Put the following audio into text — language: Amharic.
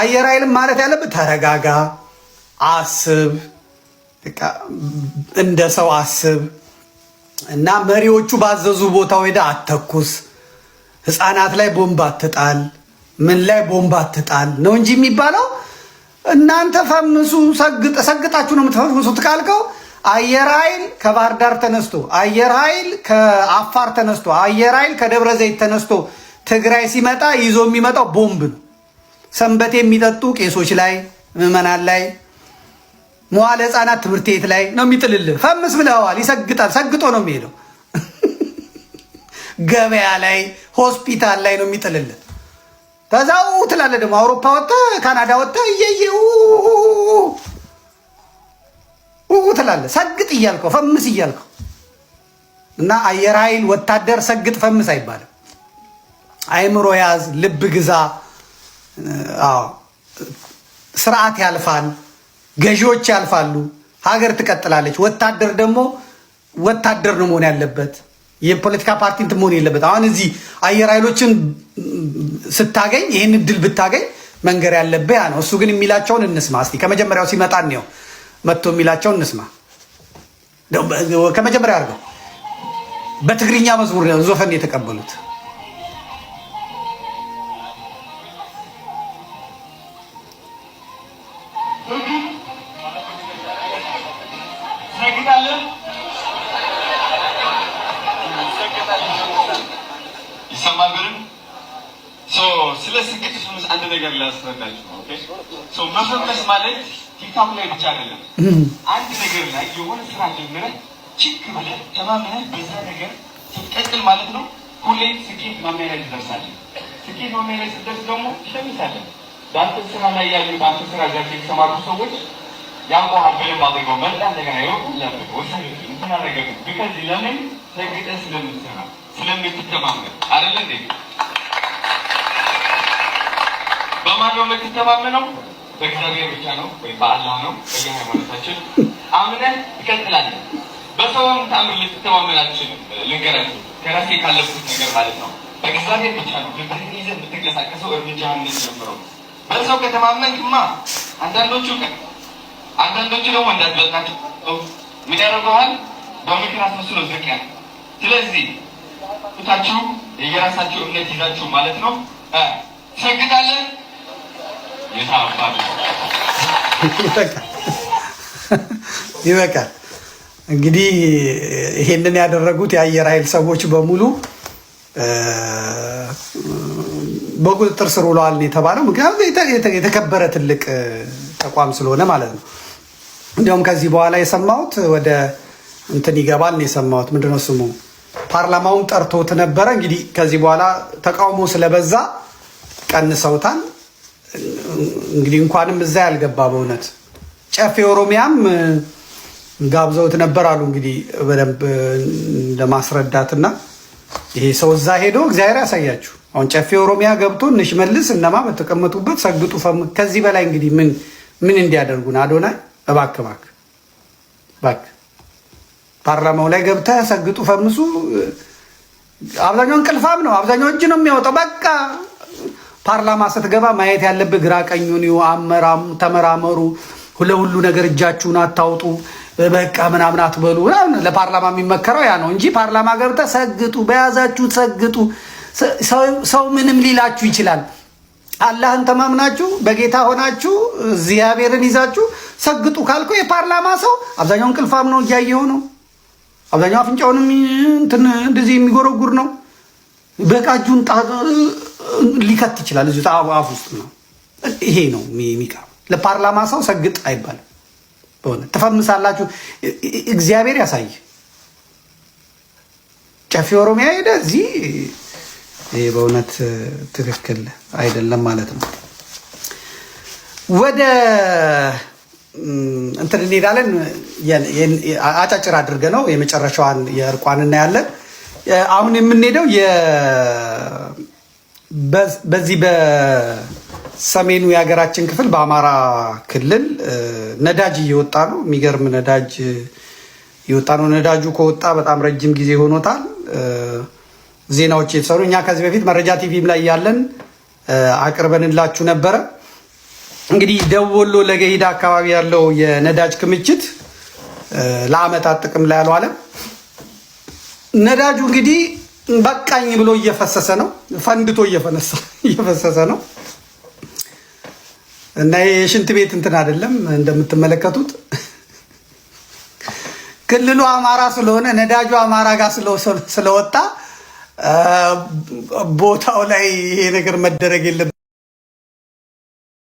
አየር ኃይልም ማለት ያለብህ ተረጋጋ፣ አስብ፣ እንደ ሰው አስብ እና መሪዎቹ ባዘዙ ቦታ ሄደ አተኩስ፣ ህፃናት ላይ ቦምብ አትጣል፣ ምን ላይ ቦምብ አትጣል ነው እንጂ የሚባለው። እናንተ ፈምሱ፣ ሰግጣችሁ ነው የምትፈምሱት ካልከው አየር ኃይል ከባህር ዳር ተነስቶ አየር ኃይል ከአፋር ተነስቶ አየር ኃይል ከደብረ ዘይት ተነስቶ ትግራይ ሲመጣ ይዞ የሚመጣው ቦምብ ነው። ሰንበት የሚጠጡ ቄሶች ላይ ምዕመናን ላይ መዋለ ህፃናት ትምህርት ቤት ላይ ነው የሚጥልልህ። ፈምስ ብለዋል። ይሰግጣል። ሰግጦ ነው የሚሄደው። ገበያ ላይ ሆስፒታል ላይ ነው የሚጥልልህ። ከዛው ትላለ ደግሞ አውሮፓ ወጣ ካናዳ ወጣ እየየ ትላለ። ሰግጥ እያልከው ፈምስ እያልከው እና አየር ኃይል ወታደር ሰግጥ ፈምስ አይባልም። አይምሮ ያዝ፣ ልብ ግዛ። ስርዓት ያልፋል፣ ገዢዎች ያልፋሉ፣ ሀገር ትቀጥላለች። ወታደር ደግሞ ወታደር ነው መሆን ያለበት፣ የፖለቲካ ፓርቲ እንትን መሆን የለበት። አሁን እዚህ አየር ኃይሎችን ስታገኝ ይህን እድል ብታገኝ መንገር ያለብህ ያ ነው። እሱ ግን የሚላቸውን እንስማ እስኪ። ከመጀመሪያው ሲመጣ ነው መጥቶ የሚላቸውን እንስማ። ከመጀመሪያው አድርገው በትግርኛ መዝሙር ዞፈን የተቀበሉት። እንሰግዳለን ይሰማል ብለን ስለ ስግድ ፍምስ አንድ ነገር ላስረዳችሁ። መፈመስ ማለት ቲክታክ ላይ ብቻ አይደለም። አንድ ነገር ላይ የሆነ ስራ ጀምረህ ችክ ብለህ ተማምነህ በዛ ነገር ስትቀጥል ማለት ነው ሁሌም ስኬት ማሚያ ላይ ትደርሳለህ። ስኬት ማሚያ ላይ ስትደርስ ደግሞ ትሸምታለህ። በአንተ ስራ ላይ ያሉ በአንተ ስራ ጋር የተሰማሩ ሰዎች ያን ሀገርን ማድረገው በጣም ተገናኙ ለምን ወሳኝ ምናደረገ ቢከዚ ለምን ለግጠ ስለምትሰራ ስለምትተማመን አይደለ እንዴ? በማን ነው የምትተማመነው? በእግዚአብሔር ብቻ ነው ወይም በአላህ ነው። በየሃይማኖታችን አምነን ትቀጥላለን። በሰውም ተአምር ልትተማመናችን ልንገራችሁ፣ ከራሴ ካለፉት ነገር ማለት ነው። በእግዚአብሔር ብቻ ነው ልብህን ይዘህ የምትንቀሳቀሰው እርምጃህን ጀምረው። በሰው ከተማመንክማ አንዳንዶቹ አንዳንዶቹ ደግሞ ምን ያደርገዋል? በምክር አስመስሎ ዝቅ ያለ። ስለዚህ ታችሁ የየራሳችሁ እምነት ይዛችሁ ማለት ነው ትሰግዳለን። የታባሉ ይበቃል። እንግዲህ ይሄንን ያደረጉት የአየር ኃይል ሰዎች በሙሉ በቁጥጥር ስር ውለዋል የተባለው ምክንያቱም የተከበረ ትልቅ ተቋም ስለሆነ ማለት ነው። እንዲያውም ከዚህ በኋላ የሰማሁት ወደ እንትን ይገባል ነው የሰማሁት። ምንድነው ስሙ ፓርላማውም ጠርቶት ነበረ። እንግዲህ ከዚህ በኋላ ተቃውሞ ስለበዛ ቀንሰውታል። እንግዲህ እንኳንም እዛ ያልገባ በእውነት ጨፌ ኦሮሚያም ጋብዘውት ነበር አሉ። እንግዲህ በደንብ ለማስረዳትና ይሄ ሰው እዛ ሄዶ እግዚአብሔር ያሳያችሁ። አሁን ጨፌ ኦሮሚያ ገብቶ እነ ሽመልስ እነማ በተቀመጡበት ሰግጡ። ከዚህ በላይ እንግዲህ ምን ምን እንዲያደርጉን አዶናይ እባክ እባክ እባክ ፓርላማው ላይ ገብተህ ሰግጡ ፈምሱ። አብዛኛው እንቅልፋም ነው፣ አብዛኛው እጅ ነው የሚያወጣው። በቃ ፓርላማ ስትገባ ማየት ያለብህ ግራ ቀኙን አመራሙ፣ ተመራመሩ፣ ለሁሉ ነገር እጃችሁን አታውጡ፣ በቃ ምናምን አትበሉ። ለፓርላማ የሚመከረው ያ ነው እንጂ ፓርላማ ገብተህ ሰግጡ፣ በያዛችሁ ሰግጡ። ሰው ምንም ሊላችሁ ይችላል። አላህን ተማምናችሁ በጌታ ሆናችሁ እግዚአብሔርን ይዛችሁ ሰግጡ ካልኩ የፓርላማ ሰው አብዛኛው እንቅልፋም ነው፣ እያየው ነው። አብዛኛው አፍንጫውንም እንትን እንደዚህ የሚጎረጉር ነው። በቃ እጁን ሊከት ይችላል። እዚ አፍ ውስጥ ነው። ይሄ ነው የሚቀር ለፓርላማ ሰው ሰግጥ አይባልም። በሆነ ትፈምሳላችሁ። እግዚአብሔር ያሳይ። ጨፌ ኦሮሚያ ሄደ እዚህ ይህ በእውነት ትክክል አይደለም ማለት ነው። ወደ እንትን እንሄዳለን። አጫጭር አድርገ ነው የመጨረሻዋን የእርቋን እናያለን። አሁን የምንሄደው በዚህ በሰሜኑ የሀገራችን ክፍል በአማራ ክልል ነዳጅ እየወጣ ነው። የሚገርም ነዳጅ እየወጣ ነው። ነዳጁ ከወጣ በጣም ረጅም ጊዜ ሆኖታል። ዜናዎች የተሰሩ እኛ ከዚህ በፊት መረጃ ቲቪም ላይ ያለን አቅርበንላችሁ ነበረ። እንግዲህ ደቡብ ወሎ አካባቢ ያለው የነዳጅ ክምችት ለአመታት ጥቅም ላይ አልዋለም። ነዳጁ እንግዲህ በቃኝ ብሎ እየፈሰሰ ነው፣ ፈንድቶ እየፈሰሰ ነው እና የሽንት ቤት እንትን አይደለም እንደምትመለከቱት ክልሉ አማራ ስለሆነ ነዳጁ አማራ ጋር ስለወጣ ቦታው ላይ ይሄ ነገር መደረግ የለበትም።